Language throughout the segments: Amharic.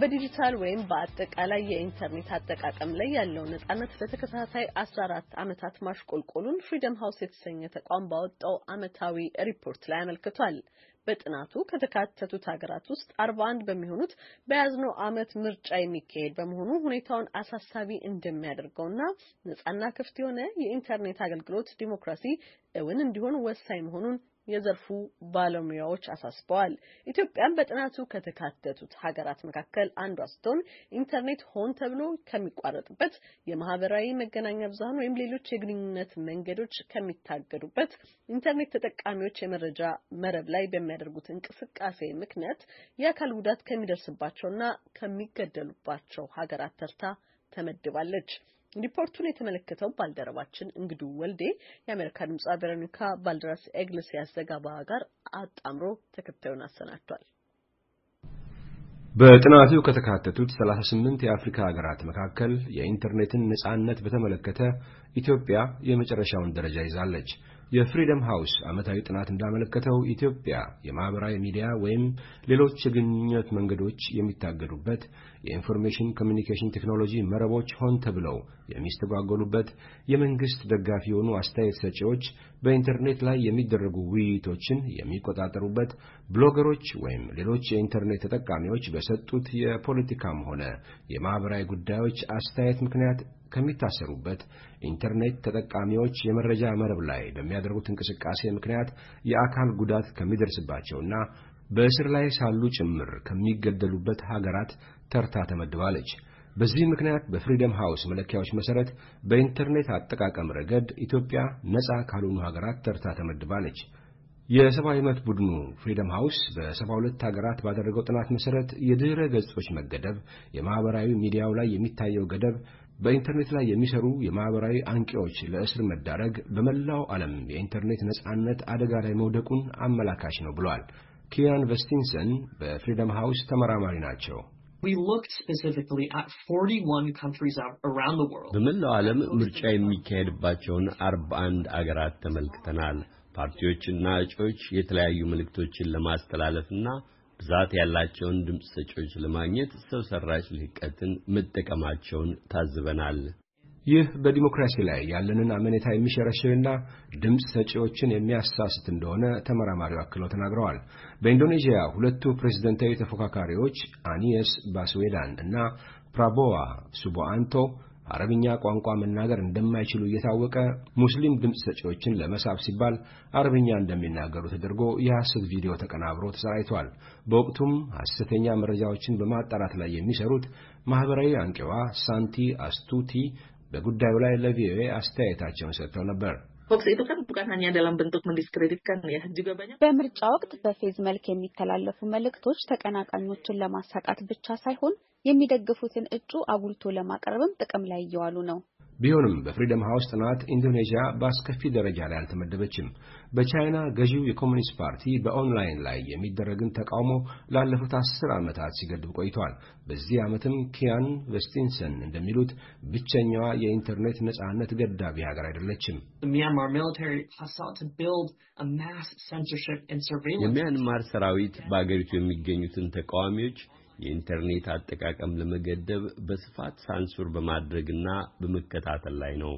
በዲጂታል ወይም በአጠቃላይ የኢንተርኔት አጠቃቀም ላይ ያለው ነጻነት ለተከታታይ 14 ዓመታት ማሽቆልቆሉን ፍሪደም ሃውስ የተሰኘ ተቋም ባወጣው ዓመታዊ ሪፖርት ላይ አመልክቷል። በጥናቱ ከተካተቱት ሀገራት ውስጥ 41 በሚሆኑት በያዝነው ዓመት ምርጫ የሚካሄድ በመሆኑ ሁኔታውን አሳሳቢ እንደሚያደርገውና ነጻና ክፍት የሆነ የኢንተርኔት አገልግሎት ዲሞክራሲ እውን እንዲሆን ወሳኝ መሆኑን የዘርፉ ባለሙያዎች አሳስበዋል። ኢትዮጵያን በጥናቱ ከተካተቱት ሀገራት መካከል አንዷ ስትሆን ኢንተርኔት ሆን ተብሎ ከሚቋረጥበት የማህበራዊ መገናኛ ብዙሀን ወይም ሌሎች የግንኙነት መንገዶች ከሚታገዱበት ኢንተርኔት ተጠቃሚዎች የመረጃ መረብ ላይ በሚያደርጉት እንቅስቃሴ ምክንያት የአካል ጉዳት ከሚደርስባቸውና ከሚገደሉባቸው ሀገራት ተርታ ተመድባለች። ሪፖርቱን የተመለከተው ባልደረባችን እንግዱ ወልዴ የአሜሪካ ድምጽ ቬሮኒካ ባልደራስ ኤግሌሲያስ ያዘጋባ ጋር አጣምሮ ተከታዩን አሰናድቷል። በጥናቱ ከተካተቱት 38 የአፍሪካ ሀገራት መካከል የኢንተርኔትን ነጻነት በተመለከተ ኢትዮጵያ የመጨረሻውን ደረጃ ይዛለች። የፍሪደም ሃውስ ዓመታዊ ጥናት እንዳመለከተው ኢትዮጵያ የማኅበራዊ ሚዲያ ወይም ሌሎች የግንኙነት መንገዶች የሚታገዱበት፣ የኢንፎርሜሽን ኮሚኒኬሽን ቴክኖሎጂ መረቦች ሆን ተብለው የሚስተጓገሉበት የመንግሥት ደጋፊ የሆኑ አስተያየት ሰጪዎች በኢንተርኔት ላይ የሚደረጉ ውይይቶችን የሚቆጣጠሩበት፣ ብሎገሮች ወይም ሌሎች የኢንተርኔት ተጠቃሚዎች በሰጡት የፖለቲካም ሆነ የማኅበራዊ ጉዳዮች አስተያየት ምክንያት ከሚታሰሩበት ኢንተርኔት ተጠቃሚዎች የመረጃ መረብ ላይ በሚያደርጉት እንቅስቃሴ ምክንያት የአካል ጉዳት ከሚደርስባቸውና በእስር ላይ ሳሉ ጭምር ከሚገደሉበት ሀገራት ተርታ ተመድባለች። በዚህ ምክንያት በፍሪደም ሃውስ መለኪያዎች መሰረት በኢንተርኔት አጠቃቀም ረገድ ኢትዮጵያ ነፃ ካልሆኑ ሀገራት ተርታ ተመድባለች። የሰብአዊ መብት ቡድኑ ፍሪደም ሃውስ በሰባ ሁለት ሀገራት ባደረገው ጥናት መሰረት የድህረ ገጾች መገደብ፣ የማኅበራዊ ሚዲያው ላይ የሚታየው ገደብ፣ በኢንተርኔት ላይ የሚሰሩ የማኅበራዊ አንቂዎች ለእስር መዳረግ በመላው ዓለም የኢንተርኔት ነጻነት አደጋ ላይ መውደቁን አመላካች ነው ብሏል። ኪያን ቨስቲንሰን በፍሪደም ሃውስ ተመራማሪ ናቸው። በመላው ዓለም ምርጫ የሚካሄድባቸውን አርባ አንድ አገራት ተመልክተናል። ፓርቲዎችና እጩዎች የተለያዩ መልእክቶችን ለማስተላለፍና ብዛት ያላቸውን ድምፅ ሰጪዎች ለማግኘት ሰው ሰራሽ ልህቀትን መጠቀማቸውን ታዝበናል። ይህ በዲሞክራሲ ላይ ያለንን አመኔታ የሚሸረሽርና ድምፅ ሰጪዎችን የሚያሳስት እንደሆነ ተመራማሪው አክለው ተናግረዋል። በኢንዶኔዥያ ሁለቱ ፕሬዝደንታዊ ተፎካካሪዎች አኒየስ ባስዌዳን እና ፕራቦዋ ሱቦአንቶ አረብኛ ቋንቋ መናገር እንደማይችሉ እየታወቀ ሙስሊም ድምፅ ሰጪዎችን ለመሳብ ሲባል አረብኛ እንደሚናገሩ ተደርጎ የሐሰት ቪዲዮ ተቀናብሮ ተሰራይቷል። በወቅቱም ሐሰተኛ መረጃዎችን በማጣራት ላይ የሚሰሩት ማኅበራዊ አንቂዋ ሳንቲ አስቱቲ በጉዳዩ ላይ ለቪኦኤ አስተያየታቸውን ሰጥተው ነበር። በምርጫ ወቅት በፌዝ መልክ የሚተላለፉ መልእክቶች ተቀናቃኞችን ለማሳቃት ብቻ ሳይሆን የሚደግፉትን እጩ አጉልቶ ለማቀረብም ጥቅም ላይ እየዋሉ ነው። ቢሆንም በፍሪደም ሃውስ ጥናት ኢንዶኔዥያ በአስከፊ ደረጃ ላይ አልተመደበችም። በቻይና ገዢው የኮሚኒስት ፓርቲ በኦንላይን ላይ የሚደረግን ተቃውሞ ላለፉት አስር ዓመታት ሲገድብ ቆይቷል። በዚህ ዓመትም ኪያን ቨስቲንሰን እንደሚሉት ብቸኛዋ የኢንተርኔት ነጻነት ገዳቢ ሀገር አይደለችም። የሚያንማር ሰራዊት በአገሪቱ የሚገኙትን ተቃዋሚዎች የኢንተርኔት አጠቃቀም ለመገደብ በስፋት ሳንሱር በማድረግና በመከታተል ላይ ነው።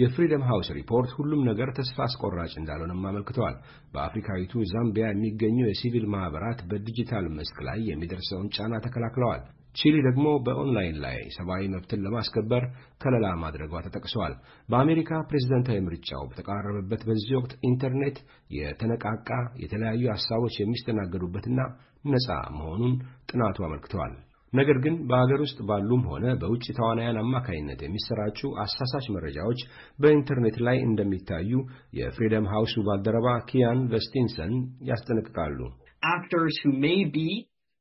የፍሪደም ሃውስ ሪፖርት ሁሉም ነገር ተስፋ አስቆራጭ እንዳልሆነም አመልክተዋል። በአፍሪካዊቱ ዛምቢያ የሚገኙ የሲቪል ማኅበራት በዲጂታል መስክ ላይ የሚደርሰውን ጫና ተከላክለዋል። ቺሊ ደግሞ በኦንላይን ላይ ሰብአዊ መብትን ለማስከበር ከለላ ማድረጓ ተጠቅሷል። በአሜሪካ ፕሬዝደንታዊ ምርጫው በተቃረበበት በዚህ ወቅት ኢንተርኔት የተነቃቃ የተለያዩ ሀሳቦች የሚስተናገዱበትና ነፃ መሆኑን ጥናቱ አመልክተዋል። ነገር ግን በአገር ውስጥ ባሉም ሆነ በውጭ ተዋናያን አማካኝነት የሚሰራጩ አሳሳች መረጃዎች በኢንተርኔት ላይ እንደሚታዩ የፍሪደም ሃውሱ ባልደረባ ኪያን ቨስቲንሰን ያስጠነቅቃሉ። actors who may be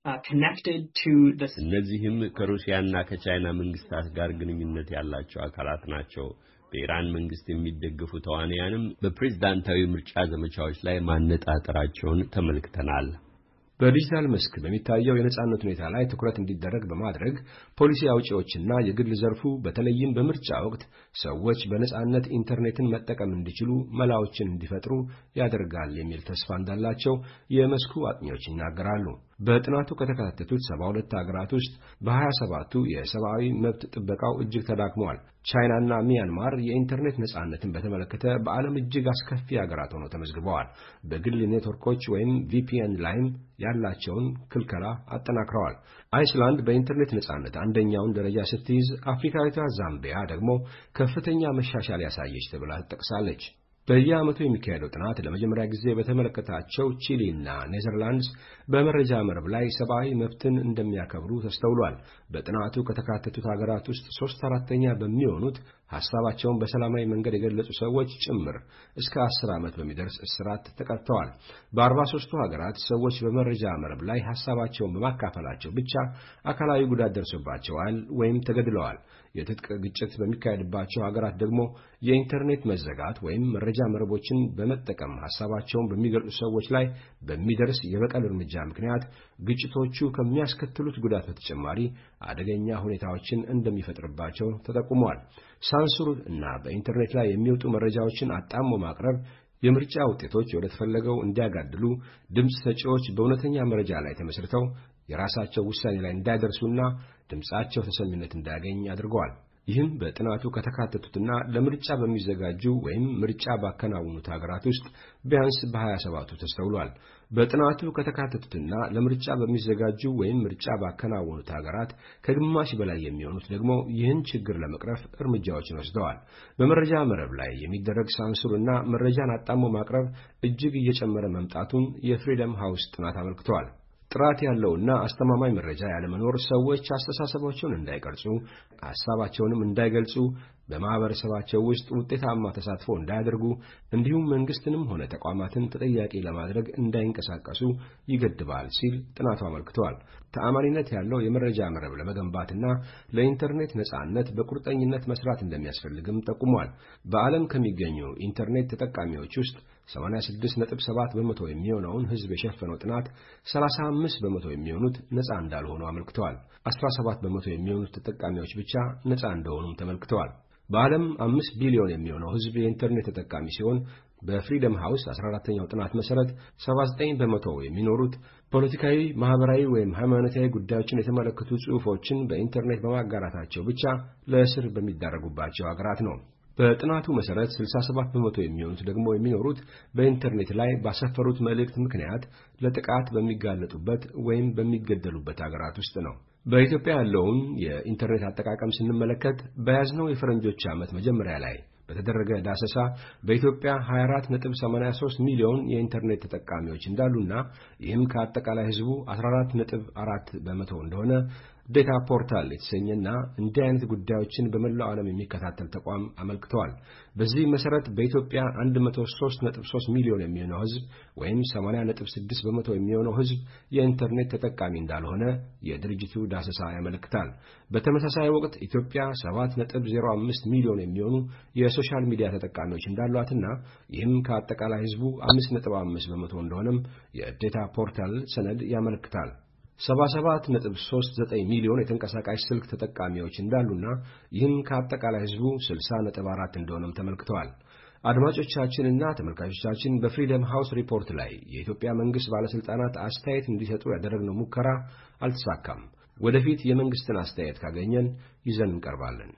Uh, እነዚህም ከሩሲያና ከቻይና መንግስታት ጋር ግንኙነት ያላቸው አካላት ናቸው። በኢራን መንግስት የሚደገፉ ተዋንያንም በፕሬዝዳንታዊ ምርጫ ዘመቻዎች ላይ ማነጣጠራቸውን ተመልክተናል። በዲጂታል መስክ በሚታየው የነጻነት ሁኔታ ላይ ትኩረት እንዲደረግ በማድረግ ፖሊሲ አውጪዎችና የግል ዘርፉ በተለይም በምርጫ ወቅት ሰዎች በነጻነት ኢንተርኔትን መጠቀም እንዲችሉ መላዎችን እንዲፈጥሩ ያደርጋል የሚል ተስፋ እንዳላቸው የመስኩ አጥኚዎች ይናገራሉ። በጥናቱ ከተካተቱት 72 ሀገራት ውስጥ በ27ቱ የሰብአዊ መብት ጥበቃው እጅግ ተዳክመዋል። ቻይናና ሚያንማር የኢንተርኔት ነጻነትን በተመለከተ በዓለም እጅግ አስከፊ ሀገራት ሆነው ተመዝግበዋል። በግል ኔትወርኮች ወይም ቪፒኤን ላይም ያላቸውን ክልከላ አጠናክረዋል። አይስላንድ በኢንተርኔት ነጻነት አንደኛውን ደረጃ ስትይዝ፣ አፍሪካዊቷ ዛምቢያ ደግሞ ከፍተኛ መሻሻል ያሳየች ተብላ ትጠቅሳለች። በየዓመቱ የሚካሄደው ጥናት ለመጀመሪያ ጊዜ በተመለከታቸው ቺሊ እና ኔዘርላንድስ በመረጃ መረብ ላይ ሰብአዊ መብትን እንደሚያከብሩ ተስተውሏል። በጥናቱ ከተካተቱት ሀገራት ውስጥ ሦስት አራተኛ በሚሆኑት ሐሳባቸውን በሰላማዊ መንገድ የገለጹ ሰዎች ጭምር እስከ አስር ዓመት በሚደርስ እስራት ተቀጥተዋል። በአርባ ሦስቱ ሀገራት ሰዎች በመረጃ መረብ ላይ ሐሳባቸውን በማካፈላቸው ብቻ አካላዊ ጉዳት ደርሶባቸዋል ወይም ተገድለዋል። የትጥቅ ግጭት በሚካሄድባቸው ሀገራት ደግሞ የኢንተርኔት መዘጋት ወይም መረጃ የመረጃ መረቦችን በመጠቀም ሀሳባቸውን በሚገልጹ ሰዎች ላይ በሚደርስ የበቀል እርምጃ ምክንያት ግጭቶቹ ከሚያስከትሉት ጉዳት በተጨማሪ አደገኛ ሁኔታዎችን እንደሚፈጥርባቸው ተጠቁመዋል። ሳንሱር እና በኢንተርኔት ላይ የሚወጡ መረጃዎችን አጣሞ ማቅረብ የምርጫ ውጤቶች ወደ ተፈለገው እንዲያጋድሉ ድምፅ ሰጪዎች በእውነተኛ መረጃ ላይ ተመስርተው የራሳቸው ውሳኔ ላይ እንዳይደርሱና ድምፃቸው ተሰሚነት እንዳያገኝ አድርገዋል። ይህም በጥናቱ ከተካተቱትና ለምርጫ በሚዘጋጁ ወይም ምርጫ ባከናወኑት ሀገራት ውስጥ ቢያንስ በ27ቱ ተስተውሏል። በጥናቱ ከተካተቱትና ለምርጫ በሚዘጋጁ ወይም ምርጫ ባከናወኑት ሀገራት ከግማሽ በላይ የሚሆኑት ደግሞ ይህን ችግር ለመቅረፍ እርምጃዎችን ወስደዋል። በመረጃ መረብ ላይ የሚደረግ ሳንሱር እና መረጃን አጣሞ ማቅረብ እጅግ እየጨመረ መምጣቱን የፍሪደም ሃውስ ጥናት አመልክተዋል። ጥራት ያለውና አስተማማኝ መረጃ ያለመኖር ሰዎች አስተሳሰባቸውን እንዳይቀርጹ፣ ሀሳባቸውንም እንዳይገልጹ በማህበረሰባቸው ውስጥ ውጤታማ ተሳትፎ እንዳያደርጉ እንዲሁም መንግስትንም ሆነ ተቋማትን ተጠያቂ ለማድረግ እንዳይንቀሳቀሱ ይገድባል ሲል ጥናቱ አመልክቷል። ተአማኒነት ያለው የመረጃ መረብ ለመገንባትና ለኢንተርኔት ነጻነት በቁርጠኝነት መስራት እንደሚያስፈልግም ጠቁሟል። በዓለም ከሚገኙ ኢንተርኔት ተጠቃሚዎች ውስጥ 86.7 በመቶ የሚሆነውን ህዝብ የሸፈነው ጥናት 35 በመቶ የሚሆኑት ነፃ እንዳልሆኑ አመልክተዋል። 17 በመቶ የሚሆኑት ተጠቃሚዎች ብቻ ነፃ እንደሆኑም ተመልክተዋል። በዓለም አምስት ቢሊዮን የሚሆነው ሕዝብ የኢንተርኔት ተጠቃሚ ሲሆን በፍሪደም ሃውስ 14ተኛው ጥናት መሠረት 79 በመቶ የሚኖሩት ፖለቲካዊ፣ ማኅበራዊ ወይም ሃይማኖታዊ ጉዳዮችን የተመለከቱ ጽሑፎችን በኢንተርኔት በማጋራታቸው ብቻ ለእስር በሚዳረጉባቸው አገራት ነው። በጥናቱ መሰረት 67 በመቶ የሚሆኑት ደግሞ የሚኖሩት በኢንተርኔት ላይ ባሰፈሩት መልእክት ምክንያት ለጥቃት በሚጋለጡበት ወይም በሚገደሉበት አገራት ውስጥ ነው። በኢትዮጵያ ያለውን የኢንተርኔት አጠቃቀም ስንመለከት በያዝነው የፈረንጆች ዓመት መጀመሪያ ላይ በተደረገ ዳሰሳ በኢትዮጵያ 24.83 ሚሊዮን የኢንተርኔት ተጠቃሚዎች እንዳሉና ይህም ከአጠቃላይ ሕዝቡ 14.4 በመቶ እንደሆነ ዴታ ፖርታል የተሰኘና እንዲህ አይነት ጉዳዮችን በመላው ዓለም የሚከታተል ተቋም አመልክተዋል። በዚህ መሠረት በኢትዮጵያ 103.3 ሚሊዮን የሚሆነው ህዝብ ወይም 80.6 በመቶ የሚሆነው ህዝብ የኢንተርኔት ተጠቃሚ እንዳልሆነ የድርጅቱ ዳሰሳ ያመለክታል። በተመሳሳይ ወቅት ኢትዮጵያ 7.05 ሚሊዮን የሚሆኑ የሶሻል ሚዲያ ተጠቃሚዎች እንዳሏትና ይህም ከአጠቃላይ ህዝቡ 5.5 በመቶ እንደሆነም የዴታ ፖርታል ሰነድ ያመለክታል። 77.39 ሚሊዮን የተንቀሳቃሽ ስልክ ተጠቃሚዎች እንዳሉና ይህም ከአጠቃላይ ሕዝቡ 60.4 እንደሆነም ተመልክተዋል። አድማጮቻችንና ተመልካቾቻችን በፍሪደም ሃውስ ሪፖርት ላይ የኢትዮጵያ መንግሥት ባለሥልጣናት አስተያየት እንዲሰጡ ያደረግነው ሙከራ አልተሳካም። ወደፊት የመንግሥትን አስተያየት ካገኘን ይዘን እንቀርባለን።